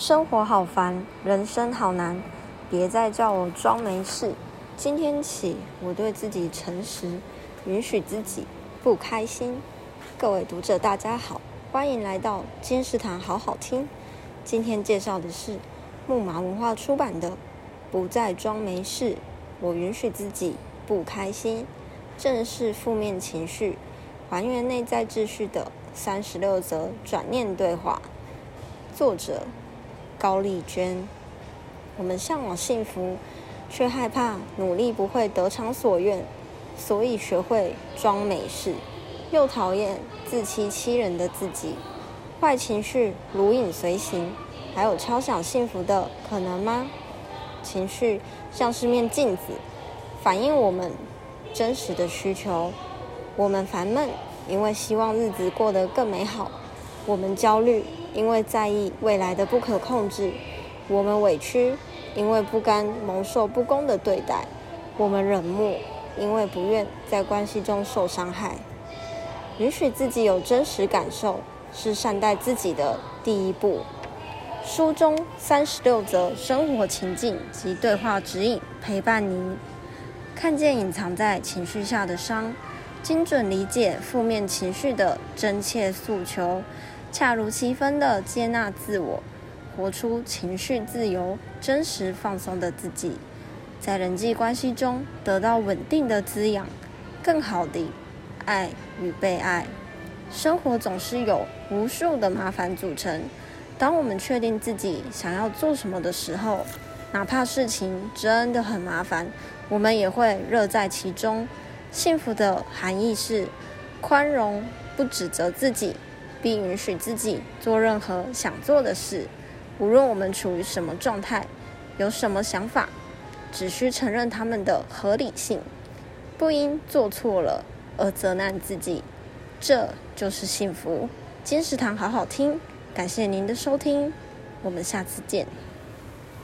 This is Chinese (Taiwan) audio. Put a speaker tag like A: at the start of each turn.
A: 生活好煩，人生好難，別再叫我裝沒事。今天起，我對自己誠實，允許自己不開心。各位讀者，大家好，歡迎來到金石堂好好聽。今天介紹的是木馬文化出版的《不再裝沒事》，我允許自己不開心，正視負面情緒，還原內在秩序的三十六則轉念對話。作者，高麗娟，我們嚮往幸福，卻害怕努力不會得償所願，所以學會裝沒事，又討厭自欺欺人的自己。壞情緒如影隨形，還有敲響幸福的可能嗎？情緒像是面鏡子，反映我們真實的需求。我們煩悶，因為希望日子過得更美好。我們焦慮，因為在意未來的不可控制；我們委屈，因為不甘蒙受不公的對待；我們冷漠，因為不願在關係中受傷害。允許自己有真實感受，是善待自己的第一步。書中三十六則生活情境及對話指引，陪伴您看見隱藏在情緒下的傷。精準理解負面情緒的真切訴求，恰如其分的接納自我，活出情緒自由、真實放鬆的自己，在人際關係中得到穩定的滋養，更好地愛與被愛。生活總是由無數的麻煩組成。當我們確定自己想要做什麼的時候，哪怕事情真的很麻煩，我們也會樂在其中。幸福的含義是寬容，不指責自己，並允許自己做任何想做的事。無論我們處於什麼狀態，有什麼想法，只需承認他們的合理性，不因做錯了而責難自己。這就是幸福。金石堂好好聽，感謝您的收聽，我們下次見。